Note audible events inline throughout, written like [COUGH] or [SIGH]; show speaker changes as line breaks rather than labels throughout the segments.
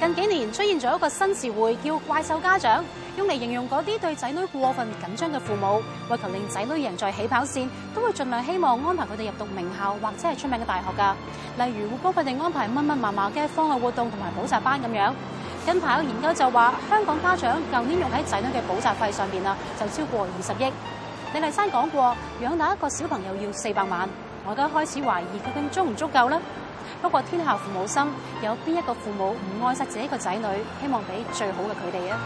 近幾年出現咗一個新詞彙，叫怪獸家長，用嚟形容嗰啲對仔女過分緊張嘅父母，為求令仔女贏在起跑線，都會盡量希望安排佢哋入讀名校或者係出名嘅大學㗎。例如會幫佢哋安排密密麻麻嘅課外活動同埋補習班咁樣。近排有研究就話，香港家長舊年用喺仔女嘅補習費上邊呀，就超過二十億。李麗珊講過，養大一個小朋友要四百萬，我而家開始懷疑究，究，究竟足唔足夠呢？不過天下父母心，有邊一個父母唔愛惜自己個仔女，希望俾最好嘅佢哋啊！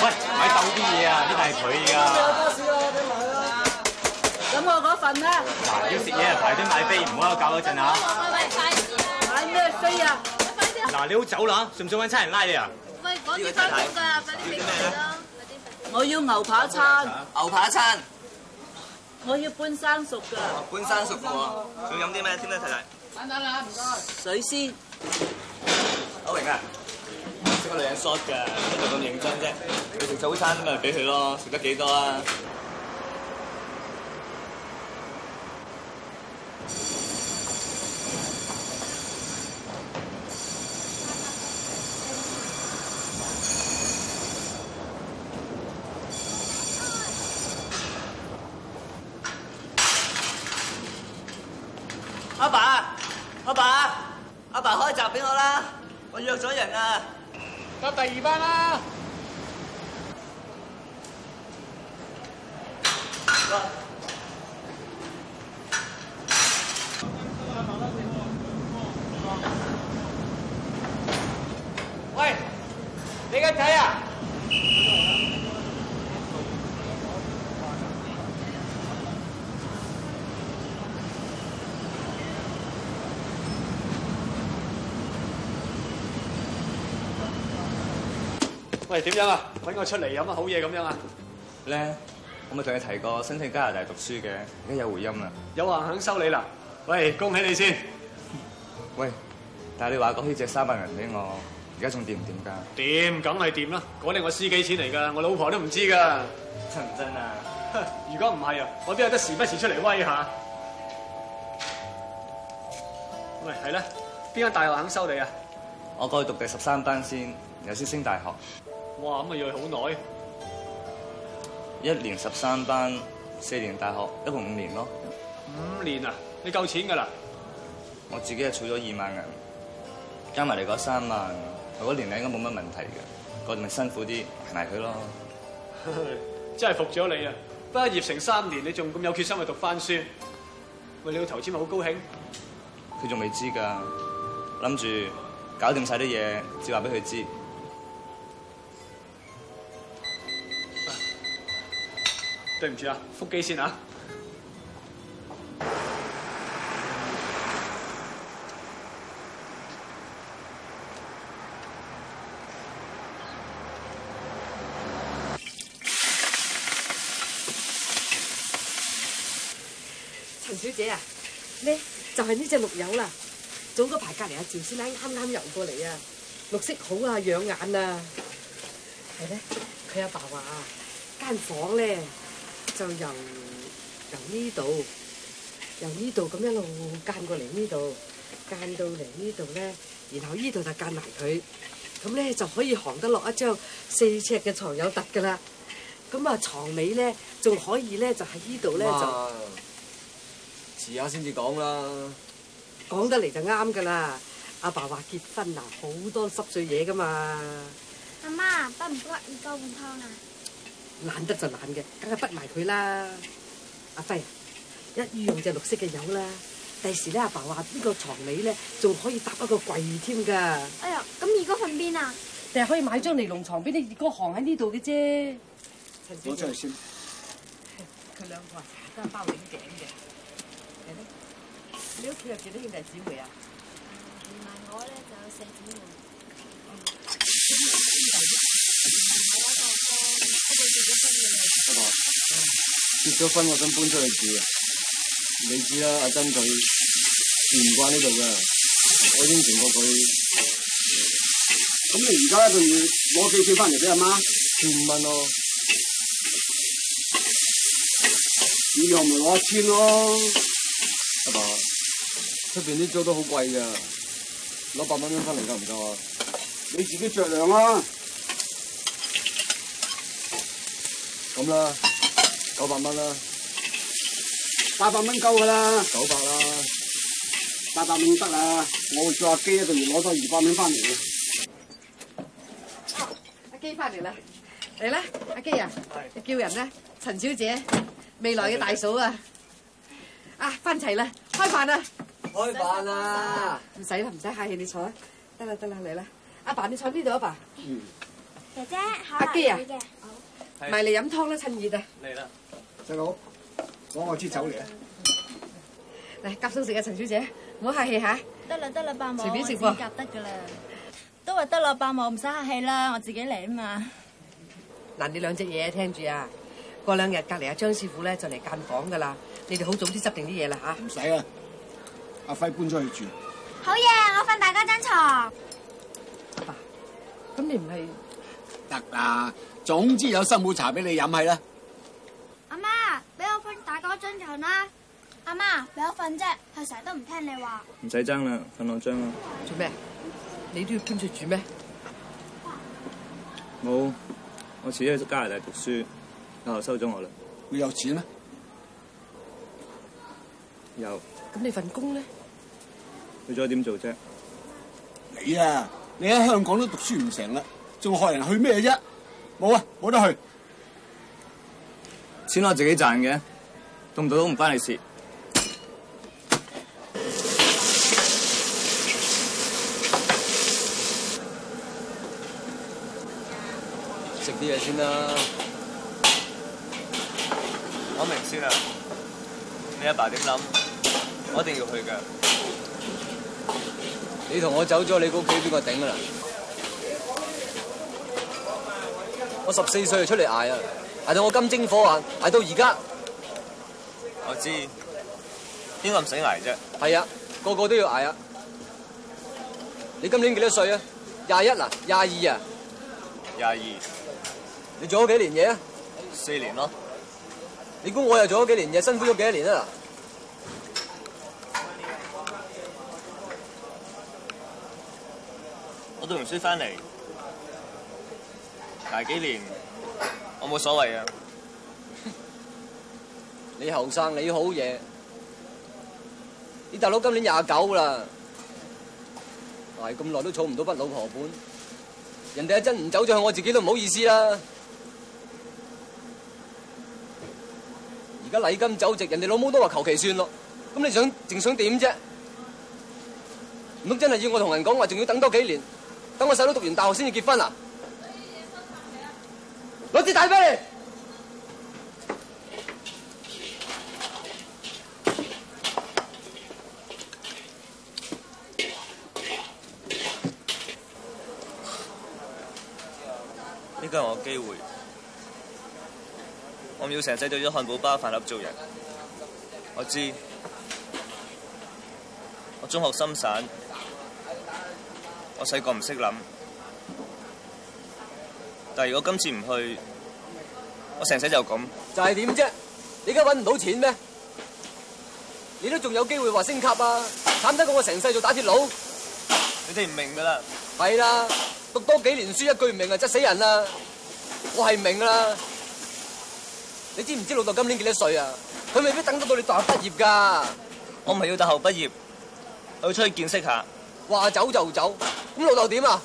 喂，買凍啲嘢啊，呢
個係佢
㗎。咁我嗰份啦。嗱，
要食嘢啊，排隊買飛，唔好啊，搞一陣啊。
買咩飛啊？快
啲。嗱，你好走啦，嚇，順唔順？揾差人拉你啊。喂，嗰啲
生熟㗎，快啲點嚟啦。
我要牛扒餐。牛扒餐。
我要半生熟㗎。
半生熟嘅喎。仲飲啲咩？聽唔聽睇睇？等
等啦，唔該。水先。
好平啊。女人 short 㗎，邊度咁認真啫？你食早餐咁咪俾佢咯，食得幾多啊？一般般喂，點樣啊？揾我出嚟有乜好嘢咁樣啊？咧，我咪同你提過申請加拿大讀書嘅，而家有回音啦。有話肯收你啦？喂，恭喜你先。喂，但係你話講起借三百銀俾我，而家仲掂唔掂㗎？掂，梗係掂啦。嗰啲我私己錢嚟㗎，我老婆都唔知㗎。陳真，真啊，如果唔係啊，我都有得時不時出嚟威下。喂，係啦，邊間大學肯收你啊？我過去讀第十三班先，有先升大學。哇，咁啊要好耐，一年十三班，四年大學，一共五年咯。五年啊，你夠錢噶啦？我自己啊儲咗二萬銀，加埋你嗰三萬，我嗰年齡應該冇乜問題嘅，我咪辛苦啲埋佢咯。 [LAUGHS] 真係服咗你啊！畢業成三年，你仲咁有決心去讀翻書，喂，你個頭先咪好高興。佢仲未知噶，諗住搞掂晒啲嘢，至話俾佢知。對唔住啊，覆機先啊！
陳小姐啊，呢就係呢隻綠友啦。早嗰排隔離阿趙師奶啱啱入過嚟啊，綠色好啊，養眼啊。係咧，佢阿爸話啊，間房咧。就由由呢度，由呢度咁一路間過嚟呢度，間到嚟呢度咧，然後呢度就間埋佢，咁咧就可以行得落一張四尺嘅床有凸，有突噶啦。咁啊床尾咧仲可以咧就喺呢度咧就。
遲下先至
講啦。講得嚟就啱噶啦。阿爸話結婚啊，好多濕碎嘢噶嘛。
阿媽，媽，得唔得依個盆湯啊？
懶得就懶嘅，梗係不埋佢啦。阿輝，一於用隻綠色嘅油啦。第時咧，阿爸話呢個床尾咧，仲可以搭一個櫃添㗎。哎呀，咁二哥瞓邊啊？定係可以買張尼龍床俾你？二哥行喺呢度嘅啫。講真係先。佢兩個都係包頂頸嘅。係咯，你屋企有幾
多兄弟姊妹啊？連埋我咧就四姊妹。咁、嗯阿阿珍，我到
結咗婚嘅。阿爸，嗯，結咗婚我想搬出去住啊。你知啦，阿珍佢唔慣呢度嘅，我應承過佢。咁、嗯嗯、你而家仲攞幾錢翻嚟啫？阿媽？千五蚊咯。以後咪攞一千咯、哦。阿爸，出邊啲租都好貴啊，攞百蚊蚊翻嚟夠唔夠啊？你自己酌量啊。咁啦，九百蚊啦，八百蚊夠㗎啦，九百啦，八百蚊得啦，我會叫阿基啊，仲要攞咗二百蚊翻嚟。阿基翻嚟
啦，嚟啦，阿基啊，你叫人咧，陳小姐，未來嘅大嫂啊，啊，翻齊啦，開飯啦，開飯啦，唔使啦，唔使客氣，你坐啊。得啦得啦，嚟啦，阿爸你坐呢度啊爸。嗯。
姐姐，阿基啊。
埋嚟飲湯啦，趁熱啊！嚟啦，細佬，攞我支酒嚟啦！嚟夾餸食啊，陳小姐，唔好客氣吓，得啦得啦，伯母隨便食飯
夾得噶啦，都話得啦，伯母唔使客氣啦，我自己嚟啊嘛。
嗱，你兩隻嘢聽住啊，過兩日隔籬阿張師傅咧就嚟間房噶啦，你哋好早啲執定啲嘢啦吓。唔使啊，阿輝搬出去住。好嘢，我瞓大佬張床。爸，咁你唔係
得啦。總之有生普茶俾你飲係啦。
阿媽，俾我瞓，打多張床啦。阿媽，俾我瞓啫，佢成日都唔聽你
話。唔使爭啦，瞓兩張啦。做咩？
你都要跟住住咩？
冇，我自己喺加拿大讀書，然後收咗我啦。你有錢咩？有。
咁你份工咧？
去咗點做啫？你啊，你喺香港都讀書唔成啦，仲學人去咩啫？冇啊，冇得去，錢我自己賺嘅，動到都唔關你事。食啲嘢先啦，諗明先啊。你阿爸點諗？我一定要去噶。你同我走咗，你屋企邊個頂㗎喇？
我十四歲就出嚟挨啊，挨到我金睛火眼，挨到而家。
我知，
邊個唔使挨啫？係啊，個個都要挨啊。你今年幾多歲啊？廿一啊，廿二啊？廿二,二。你做咗幾年嘢啊？
四年咯。
你估我又做咗幾年嘢？辛苦咗幾多年啊？我
讀完書翻嚟。大幾年，我冇所謂啊！ [LAUGHS] 你後生你好嘢，
你大佬今年廿九啦，大咁耐都儲唔到筆老婆本，人哋一陣唔走就咗，我自己都唔好意思啦。而家禮金走直，人哋老母都話求其算咯，咁你想淨想點啫？唔通真係要我同人講話，仲要等多幾年，等我細佬讀完大學先至結婚啊？我
大呢個係我機會，我唔要成世對咗漢堡包飯盒做人，我知，我中學心散，我細個唔識諗，但係如果今次唔去。我成世就咁，
就係點啫？你而家搵唔到錢咩？你都仲有機會話升級啊！慘得過我成世做打鐵佬，
你聽唔明噶啦？
係啦，讀多幾年書一句唔明啊，窒死人啦！我係唔明噶啦。你知唔知老豆今年幾多歲啊？佢未必等得到你大學畢業噶。我唔係要
大學畢業，我要出去見識下。
話走就走，咁老豆點啊？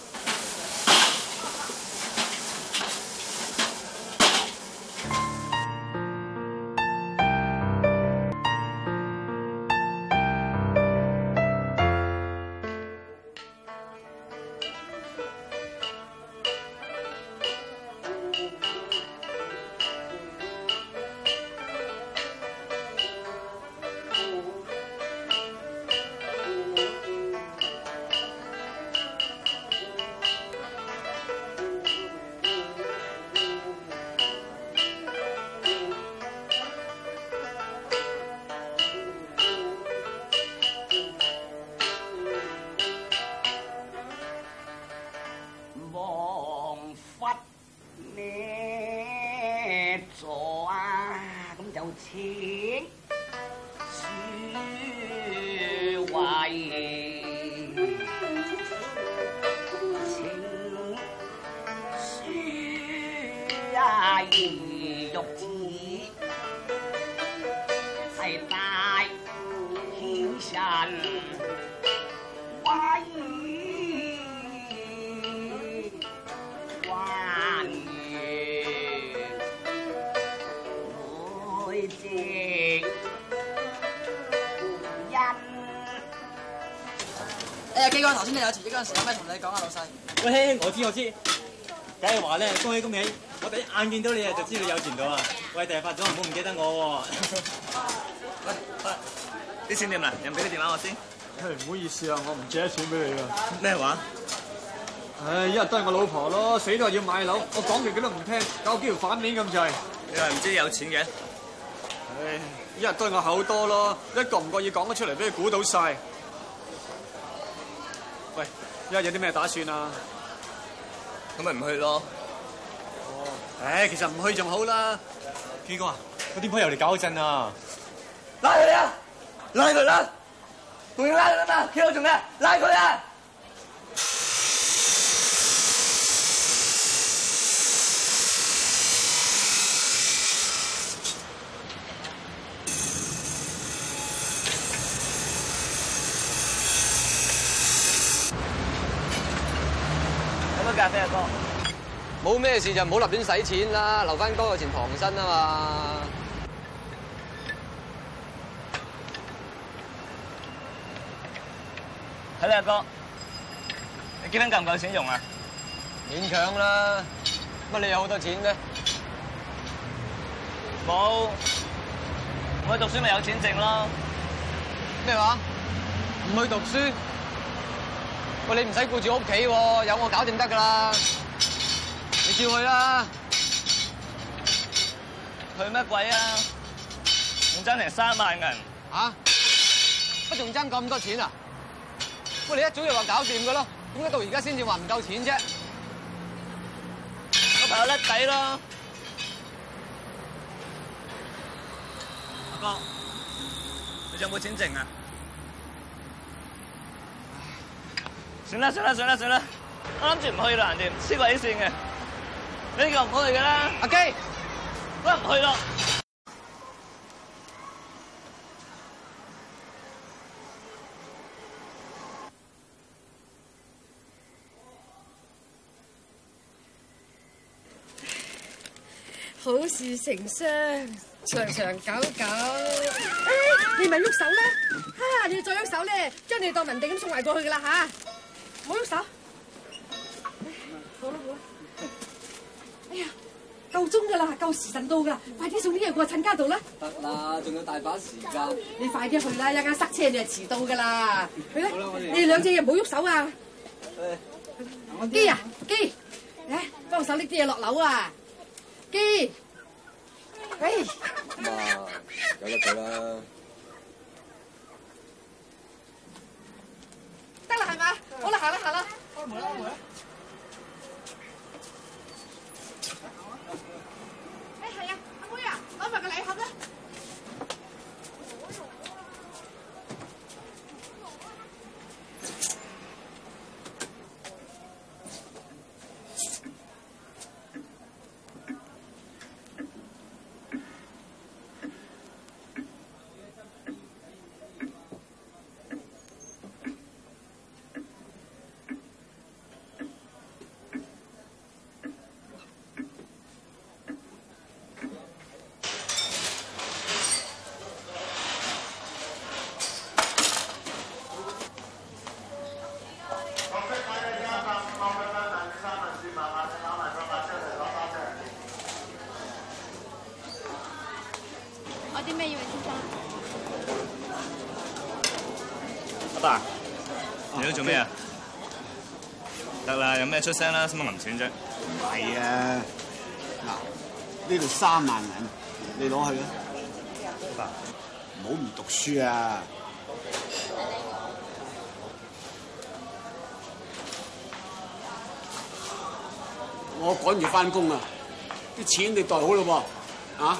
有咩
同
你講啊，老細？喂，我知我知，梗係話咧，恭喜恭喜！我第一眼見到你啊，就知你有錢途啊！喂，第日發咗唔好唔記得我喎。喂，啲錢點啦？嚟俾啲電話我先。
係唔好意思啊，我唔借錢俾你噶。咩話？唉，一日都係我老婆咯，死都係要買樓。我講極佢都唔聽，搞幾條反面咁滯。
你話唔知有錢嘅？唉，一日都係我口多咯，一個唔覺意講得出嚟，俾佢估到晒。而家有啲咩打算啊？咁咪唔去咯。唉，其實唔去仲好啦。K 哥啊，我點解又嚟搞震啊？拉佢啊！拉佢啦！仲要拉佢啦？Q 佬做咩？拉佢啊！
阿飛阿哥，冇咩事就唔好立亂使錢啦，留翻多啲錢防身啊
嘛。
睇你阿哥，你結婚夠唔夠錢用啊？勉強啦。乜你有好多錢啫？
冇，唔去讀書咪有錢剩咯。咩話？唔去讀書？喂，你唔使顧住屋企喎，有我搞
掂得噶啦，你照去啦，去乜鬼啊？仲爭你三萬銀？嚇？
乜仲爭咁多錢啊？喂，你一早又話搞掂嘅咯，點解到而家先至話唔夠錢
啫？
我朋友叻仔咯，阿哥，你有冇錢剩啊？算啦算啦算啦算啦，我諗住唔去啦，橫店，超過呢線嘅呢個唔好去噶啦。阿基，我唔
去咯。
好事成雙，長長久久。誒，你唔係喐手咩？哈，你要再喐手呢，將你當文定咁送埋過去噶啦吓。唔好喐手，好啦好啦，哎呀，夠鐘噶啦，夠時辰到噶啦，快啲送啲嘢過去陳家度啦。得啦，仲有大把時間，你快啲去啦，一陣塞車你就遲到噶啦。好啦，你哋兩隻嘢唔好喐手啊。誒，阿基啊，基，誒，幫手拎啲嘢落樓啊，基，喂。
嘛，有得做啦。
咩要你出聲？阿爸，你想做咩啊？得啦，有咩出聲啦，使乜揾錢啫？唔係啊，嗱，呢度三萬銀，你攞去啦。阿爸，唔好唔讀書啊！
我趕住翻工啊，啲錢你袋好咯喎，啊！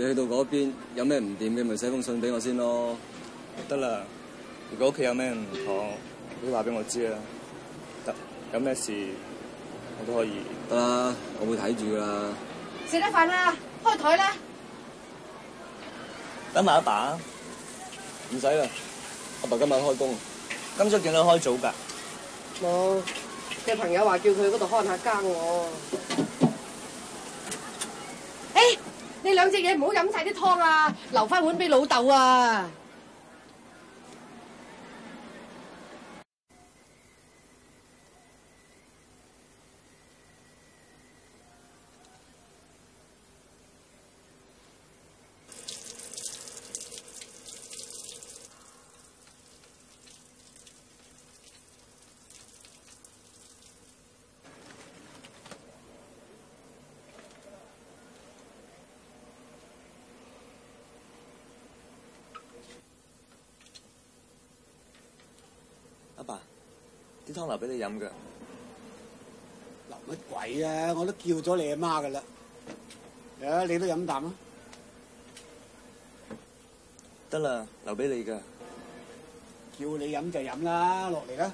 你去到嗰邊有咩唔掂嘅，咪寫封信俾我先咯。得啦，
如果屋企有咩唔妥，你話俾我知啦。有咩事我都可以。得啦，我會睇住噶啦。
食得飯啦，開台啦。
等埋阿爸吖。唔使啦，阿爸今晚開工。今朝見到開早㗎。冇、哦，嘅
朋友話叫佢嗰度看下間我。你兩隻嘢唔好飲晒啲湯啊，留返碗畀老豆啊！
啲湯留俾你飲㗎，
留乜鬼啊！我都叫咗你阿媽㗎啦，啊，你都飲啖啦，得啦，留俾你㗎，叫你飲就飲啦，落嚟啦。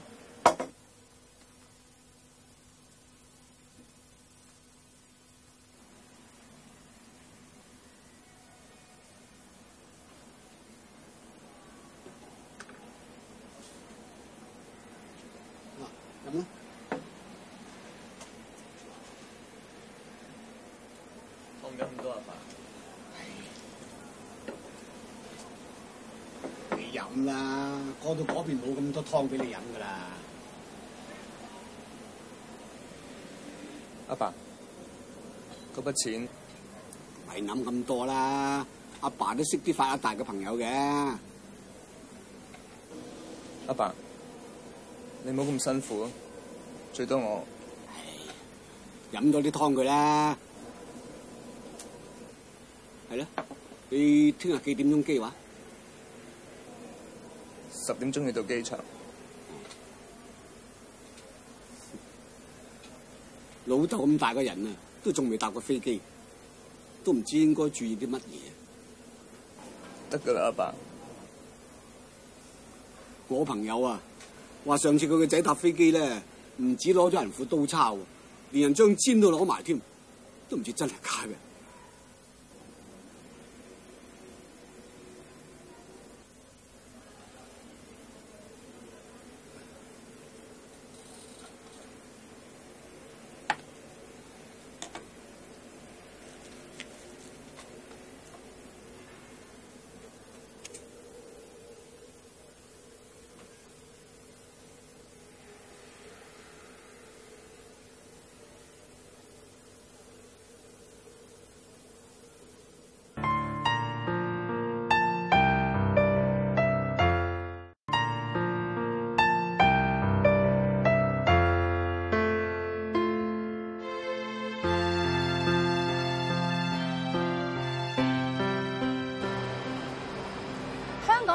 啦，過到嗰
邊冇咁多湯俾你飲噶啦。阿爸，嗰筆錢咪
諗咁多啦，阿爸都識啲發達嘅朋友嘅。
阿爸，爸，你唔好咁辛苦咯，最多我飲咗啲湯佢啦。係咯，你聽日幾點鐘機話？十點鐘去到機場，
老豆咁大個人啊，都仲未搭過飛機，都唔知應該注意啲乜嘢。得㗎喇，阿爸，爸。我朋友啊話上次佢個仔搭飛機咧，唔止攞咗人副刀叉喎，連人張籤都攞埋添，都唔知真係假嘅。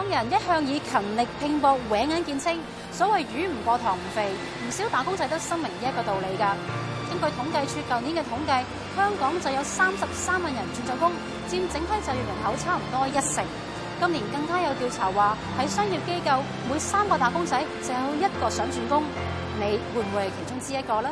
人一向以勤力拼搏、永眼見稱，所謂魚唔過塘唔肥，唔少打工仔都深明呢一個道理噶。根據統計處舊年嘅統計，香港就有三十三萬人轉咗工，佔整體就業人口差唔多一成。今年更加有調查話，喺商業機構每三個打工仔就有一個想轉工，你會唔會係其中之一個咧？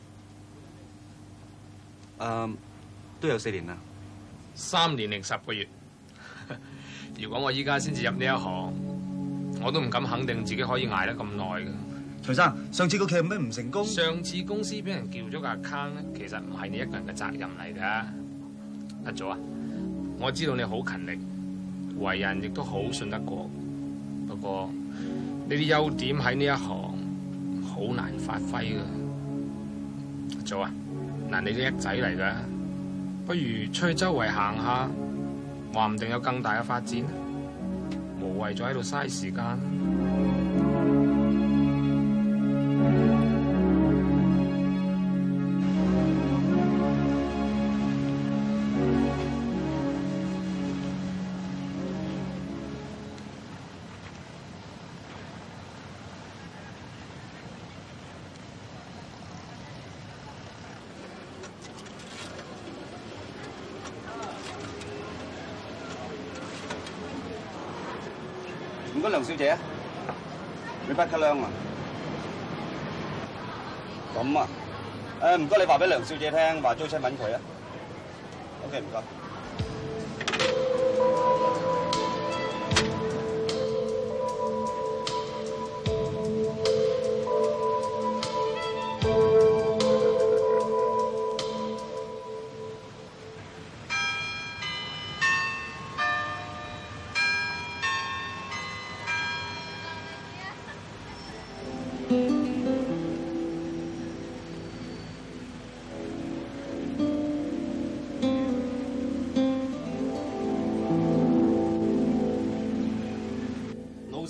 嗯，uh，都有四年啦，三年零十個月。 [LAUGHS] 如果我依家先至入呢一行，我都唔敢肯定自己可以挨得咁耐㗎。徐生，上次個劇咩唔成功，上次公司俾人撬咗個 account 咧，其實唔係你一個人嘅責任嚟㗎。阿祖啊，我知道你好勤力，為人亦都好信得過，不過呢啲優點喺呢一行好難發揮㗎。阿祖啊。嗱，你叻仔嚟㗎，不如出去周圍行下，話唔定有更大嘅發展，無謂再喺度嘥
時間。
出糧啊！咁啊，誒唔該，你話俾梁小姐聽，話租車揾佢啊！OK，唔該。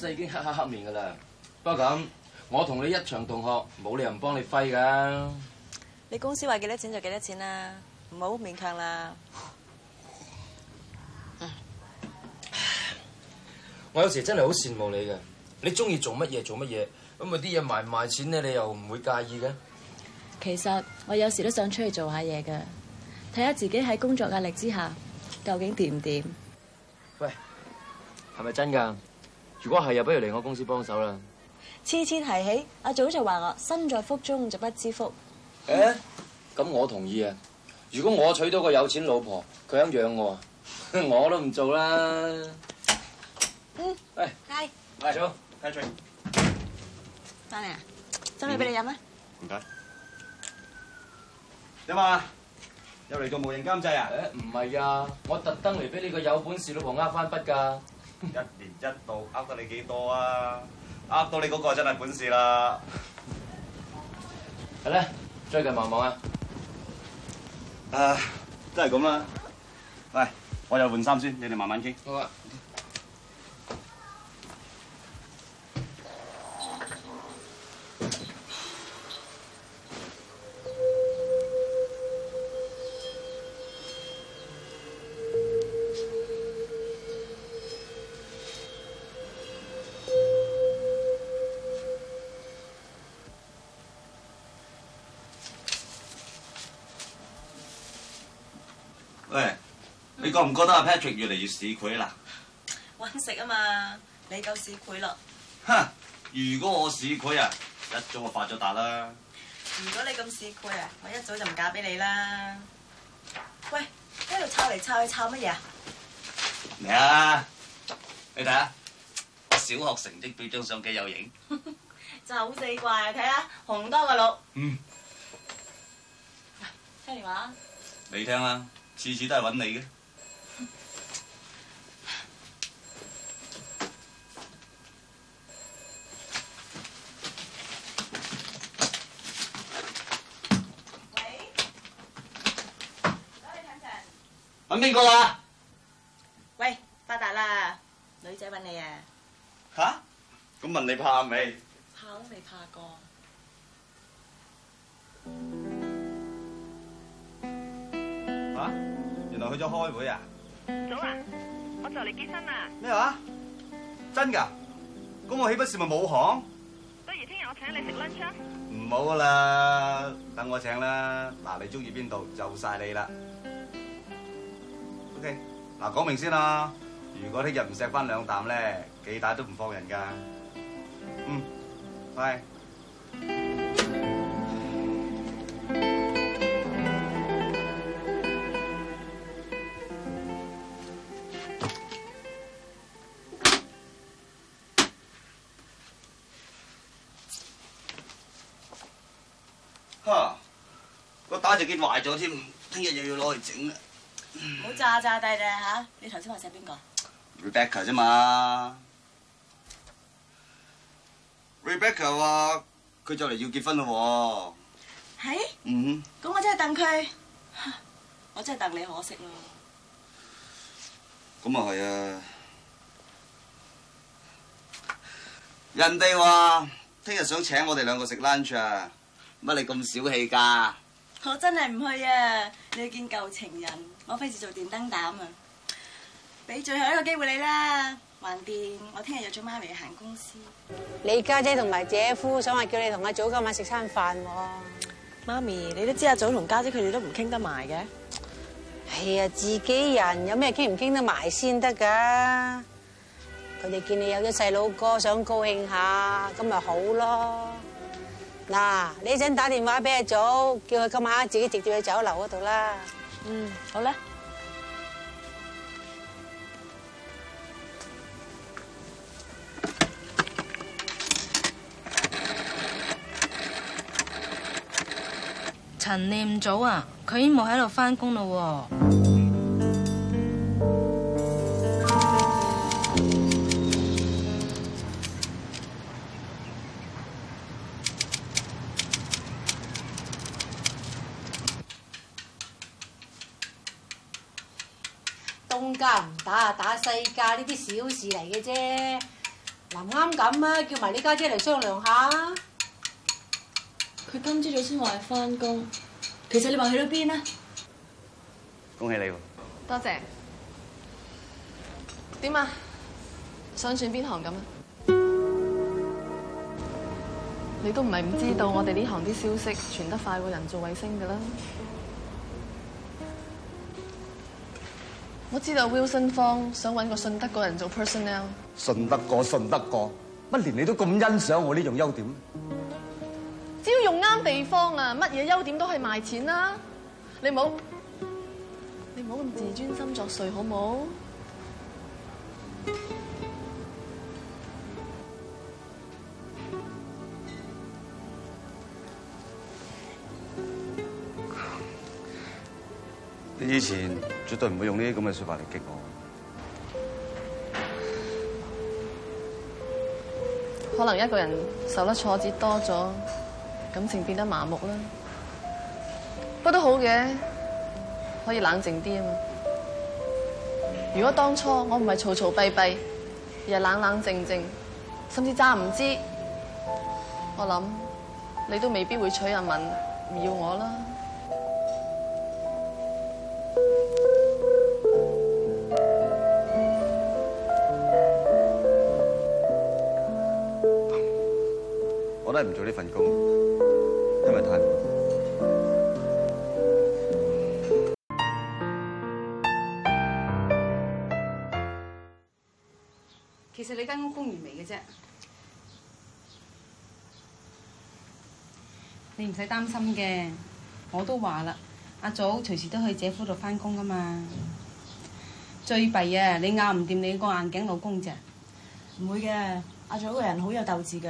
我已經黑黑黑面噶啦，不過咁我同你一場同學，冇理由唔幫你揮噶
你公司話幾多錢就幾多錢啦，唔好勉強啦。
[LAUGHS] 我有時真係好羨慕你嘅，你中意做乜嘢做乜嘢，咁啊啲嘢賣唔賣錢咧，你又唔會介意嘅。
其實我有時都想出去做下嘢嘅，睇下自己喺工作壓力之下究竟掂唔掂？
喂，係咪真噶？如果係，又不如嚟我公司幫手啦。
次次提起阿祖就話我身在福中就不知福。
誒、欸，咁我同意啊！如果我娶到個有錢老婆，佢肯養我，我都唔做啦。嗯，喂，阿祖，阿翠，阿玲，準備俾你飲啦。唔該、
嗯。
點啊？又嚟做無形監製啊？誒、欸，唔係啊，我特登嚟俾你個有本事老婆呃翻筆噶。一年一度，呃到你幾多啊？呃到你嗰個真係本事啦。係咧，最近忙唔忙啊？啊，都係咁啦。喂，我又換衫先，你哋慢慢傾。好啊。你覺唔覺得阿 Patrick 越嚟越市儈啦？
揾食啊嘛，你夠市儈咯！哼，
如果我市儈啊，一早就發咗達啦！
如果你咁市儈啊，我一早就唔嫁俾你啦！喂，喺度抄嚟抄去抄乜嘢
啊？嚟啊！你睇下，我小學成績對張相機有型。
就好 [LAUGHS] 四怪，睇下紅多過綠。嗯。喂，
聽電話。你聽啦，啊，次次都係揾你嘅。
喂，發達啦，女仔搵你
啊。吓，咁問你怕未？
怕都未怕過。
吓，原來去咗開會啊？早
啊，我就嚟結婚啦。咩話？
真㗎？咁我豈不是咪冇行？
不如聽日我請
你食 lunch。唔好啦，等我請啦。嗱，你中意邊度就晒你啦。嗱，講明先啦。如果聽日唔錫翻兩啖咧，幾大都唔放人噶。嗯，係。嚇，個打字機壞咗添，聽日又要攞嚟整啦。
唔好
炸炸地地吓！你頭先話想邊個？Rebecca 啫嘛。Rebecca 話，佢就嚟要結婚咯喎。係。嗯
哼。咁我真係戥佢，我真係戥你可惜咯。
咁啊係啊。人哋話聽日想請我哋兩個食 lunch，乜你咁
小氣噶？
我真係唔去啊。你去見舊情人，我費事做電燈膽啊！俾最後一個機會你啦，橫掂，我聽日約咗媽咪
去行
公司，你家姐同埋姐
夫想話叫你同阿祖今晚食餐飯。媽咪，你都知阿祖同家姐佢哋都唔傾得埋嘅。哎呀，自己人有咩傾唔傾得埋先得噶？佢哋見你有咗細佬哥，想高興下，咁咪好咯。嗱，你陣打電話俾阿祖，叫佢今晚自己直接去酒樓嗰度啦。嗯，好啦。
陳念祖啊，佢已經冇喺度翻工咯喎！
家唔打啊，打世界呢啲小事嚟嘅啫。嗱，啱咁啊，叫埋你家姐嚟商量下。佢今朝早先
話去翻工，其實你話去咗邊啊？
恭喜你喎！
多謝，謝。點啊？想轉邊行咁啊？你都唔係唔知道，我哋呢行啲消息傳得快過人造衛星噶啦。我知道 Wilson 方想揾個順德個人做 personnel。
順德個順德個，乜連你都咁欣賞我呢種優點？
只要用啱地方啊，乜嘢優點都係賣錢啦。你冇，你冇咁自尊心作祟好冇？
你以前。絕對唔會用呢啲咁嘅説法嚟激我。
可能一個人受得挫折多咗，感情變得麻木啦。不過都好嘅，可以冷靜啲啊嘛。如果當初我唔係嘈嘈閉閉，而係冷冷靜靜，甚至詐唔知，我諗你都未必會娶阿敏，唔要我啦。
我都係唔做呢份工，因為太……
其實你間屋公完未嘅啫？你唔使擔心嘅，我都話啦，阿祖隨時都去姐夫度返工噶嘛。最弊啊，你咬唔掂你個眼鏡老公啫，唔會嘅。
阿祖個人好有鬥志噶。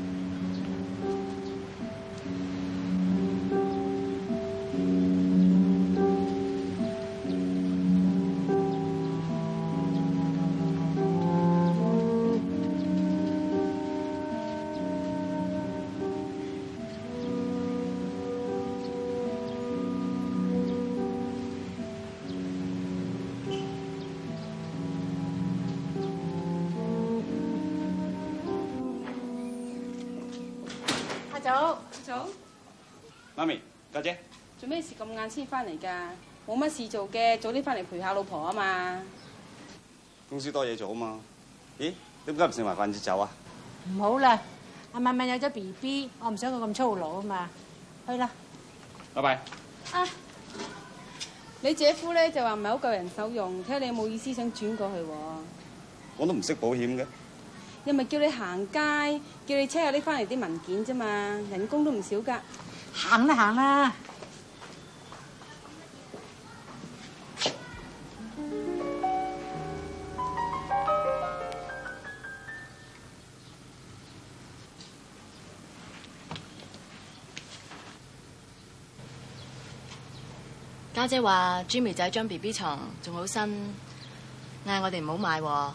先翻嚟噶，冇乜事做嘅，早啲翻嚟陪下老婆啊嘛。
公司多嘢做啊嘛，咦，點解唔食埋飯就走啊？唔
好啦，阿敏敏有咗 B B，我唔想佢咁粗魯啊嘛。去啦，
拜拜。
啊，你姐夫咧就話唔係好夠人手用，睇下你有冇意思想轉過去喎？
我都唔識保險嘅。
又咪叫你行街，叫你車下啲翻嚟啲文件啫嘛，人工都唔少噶。行啦行啦。
家姐話，Jimmy 仔張 B B 床仲好新，嗌我哋唔好買喎。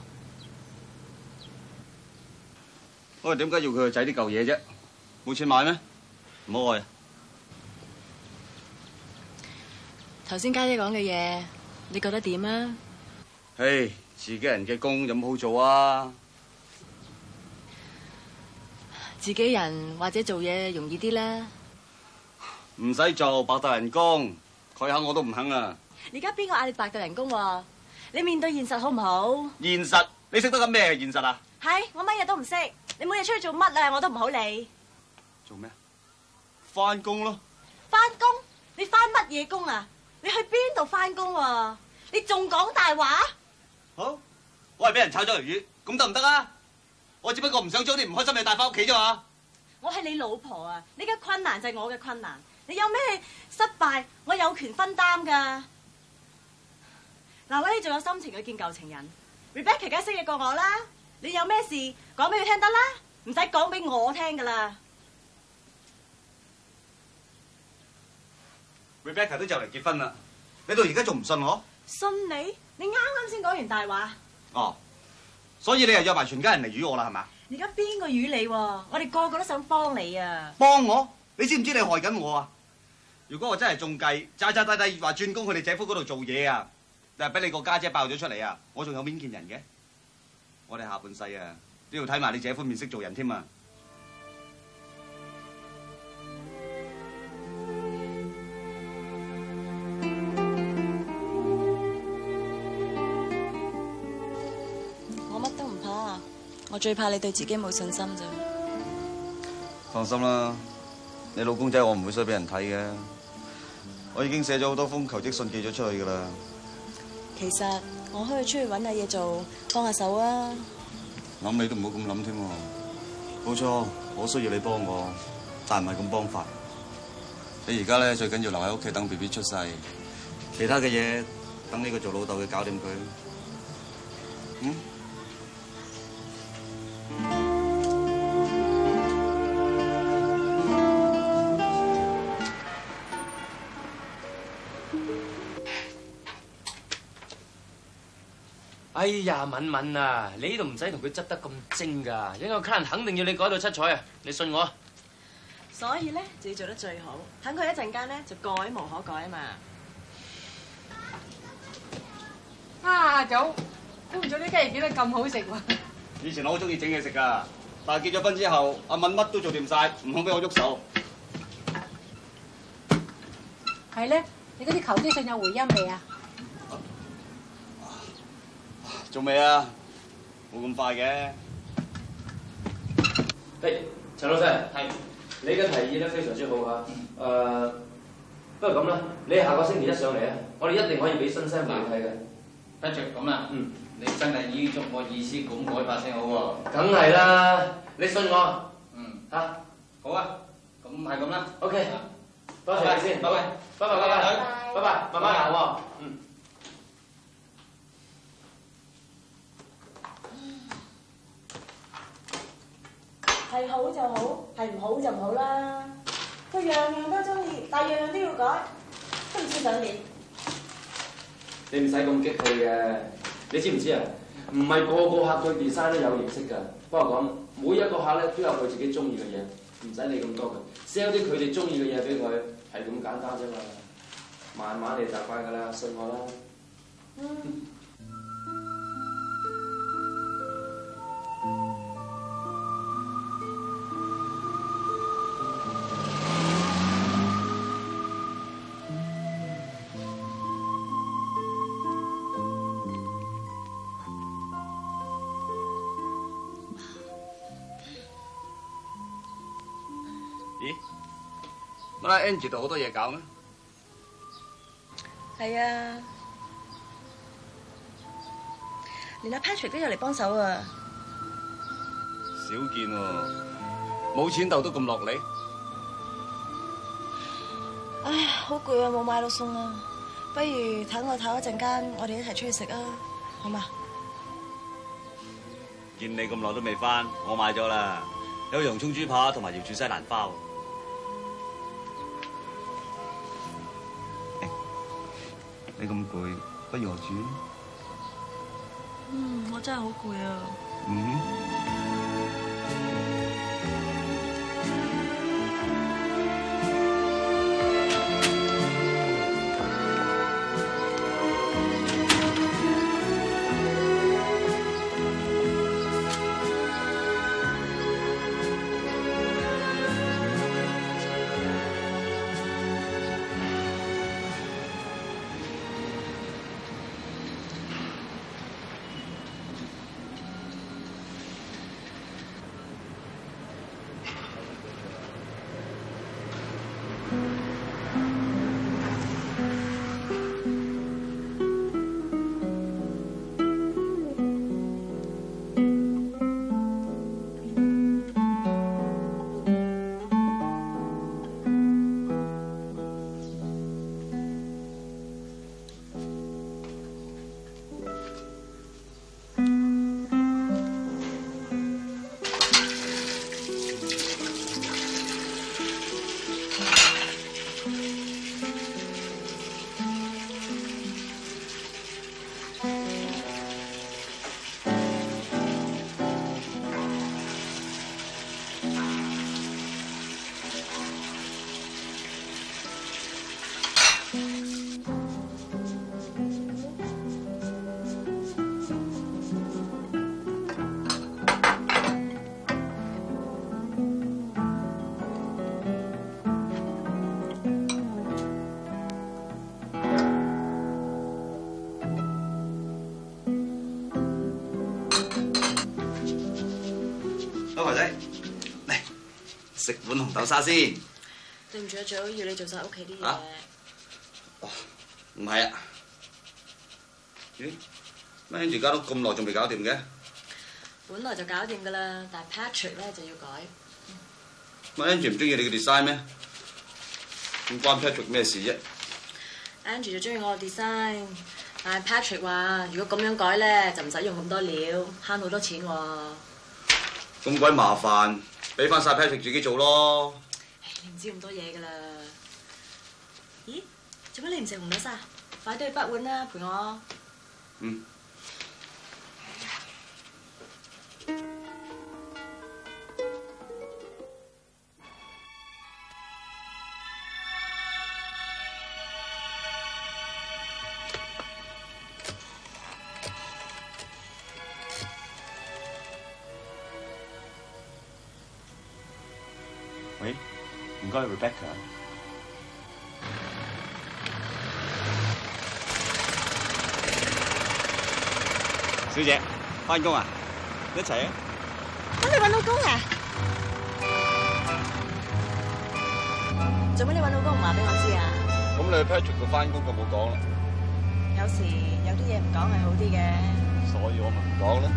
我點解要佢個仔啲舊嘢啫？冇錢買咩？唔好愛。
頭先家姐講嘅嘢，你覺得點啊？唉
，hey，自己人嘅工有冇好做啊？
自己人或者做嘢容易啲啦。
唔使做，白帶人工。佢肯我都唔肯啊！
而家邊個嗌你白做人工？你面對現實好唔好？
現實？你識得緊咩現實啊？
係我乜嘢都唔識，你每日出去做乜啊？我都唔好理。
做咩？翻工咯！
翻工？你翻乜嘢工啊？你去邊度翻工啊？你仲講大話？
好，我係俾人炒咗魷魚，咁得唔得啊？我只不過唔想將啲唔開心
嘅帶翻屋企啫嘛。我係你老婆啊！你嘅困難就係我嘅困難。你有咩失敗，我有權分擔噶。嗱，我仲有心情去見舊情人，Rebecca 梗係識嘢過我啦。你有咩事講俾佢聽得啦，唔使講俾我聽噶啦。
Rebecca 都就嚟結婚啦，你到而家仲唔信我？
信你？你啱啱先講完大話。
哦，所以你又約埋全家人嚟愚我啦，係咪？
而家邊個愚你？我哋個個都想幫你啊。
幫我？你知唔知你害緊我啊？如果我真係中計，渣渣低低話轉工去你姐夫嗰度做嘢啊，但係俾你個家姐，姐爆咗出嚟啊，我仲有面見人嘅？我哋下半世啊，都要睇埋你姐夫面色做人添啊！
我乜都唔怕，我最怕你對自己冇信心啫。
放心啦，你老公仔我唔會衰俾人睇嘅。我已經寫咗好多封求職信寄咗出去噶啦。
其實我可以出去揾下嘢做，幫下手啊。諗
你都唔好咁諗添。冇錯，我需要你幫我，但唔係咁幫法。你而家咧最緊要留喺屋企等 BB 出世，其他嘅嘢等呢個做老豆嘅搞掂佢。嗯。嗯？
哎呀，敏敏啊，你呢度唔使同佢執得咁精噶，因為客人肯定要你改到七彩啊，你信我。
所以咧就要做得最好，等佢一陣間咧就改無可改啊嘛。啊，
早，今早啲雞翼點得咁好食喎！
以前我好中意整嘢食噶，但係結咗婚之後，阿敏乜都做掂曬，唔好俾我喐手。
係咧，你嗰啲求職信有回音未啊？
做未啊？冇咁快嘅。喂，陳老師，係你嘅提議咧非常之好啊。
誒，不如咁啦，你下個星期一上嚟啊，我哋一定可以俾新衫俾你睇嘅。得著咁啦。嗯，你真係要照我意思咁改法先好喎。梗係啦，你信我。嗯。吓，好啊。咁係咁啦。OK。多謝你先，拜拜，拜拜，拜
拜，拜拜，拜拜，慢慢行喎。
係好就好，係唔好就唔好啦。佢樣樣都中意，但係樣樣都要改，都唔知想點。你唔使咁激氣嘅，你知唔知啊？唔係個個客對 design 都有認識噶。不過講，每一個客咧都有佢自己中意嘅嘢，唔使理咁多嘅，sell 啲佢哋中意嘅嘢俾佢，係咁簡單
啫嘛。慢慢嚟習慣噶啦，信我啦。嗯。阿 Angie 度好多嘢搞咩？
係啊，連阿 Patrick 都有嚟幫手啊！
少見喎，冇錢斗都咁落力。
唉，好攰啊，冇買到餸啊，不如等我唞一陣間，我哋一齊出去食啊，好嘛？
見你咁耐都未返，我買咗啦，有洋蔥豬扒同埋瑤柱西蘭花。咁攰，不如我煮。嗯，
我真係好攰啊。嗯。
食碗紅豆沙先。
對唔住啊，最好要你做晒屋企啲嘢。
啊！唔係啊？咦？乜 Andrew 搞到咁耐仲未搞掂嘅？
本來就搞掂噶啦，但係 Patrick 咧就要
改。Andrew 唔中意你嘅 design 咩？咁關 Patrick 咩事啫
？Andrew 就中意我嘅 design，但係 Patrick 話如果咁樣改咧，就唔使用咁多料，慳好多錢喎。
咁鬼麻煩。俾翻曬 p a 自己做咯，你
唔知咁多嘢㗎喇？咦，做乜你唔食紅豆沙？快啲去洗碗啦，陪我。嗯。
Becker，小姐，翻工啊？一齊啊？
咁你搵到工啊？做咩你搵到工唔話俾我知啊？
咁你去 Patrick 度翻工就冇講啦。
有時有啲嘢唔講係好啲嘅。
所以我咪唔講咯。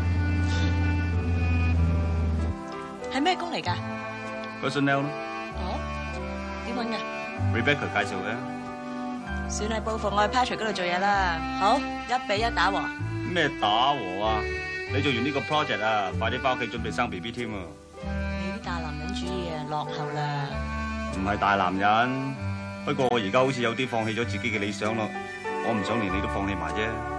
係咩工嚟噶
？Personnel 咯。哦。Rebecca 介紹嘅，
算係報復我去 Patrick 嗰度做嘢啦。好，一比一打和。
咩打和啊？你做完呢個 project 啊，快啲翻屋企準備生 BB 添啊！你
啲大男人主義啊，落後啦。
唔係大男人，不過我而家好似有啲放棄咗自己嘅理想咯。我唔想連你都放棄埋啫。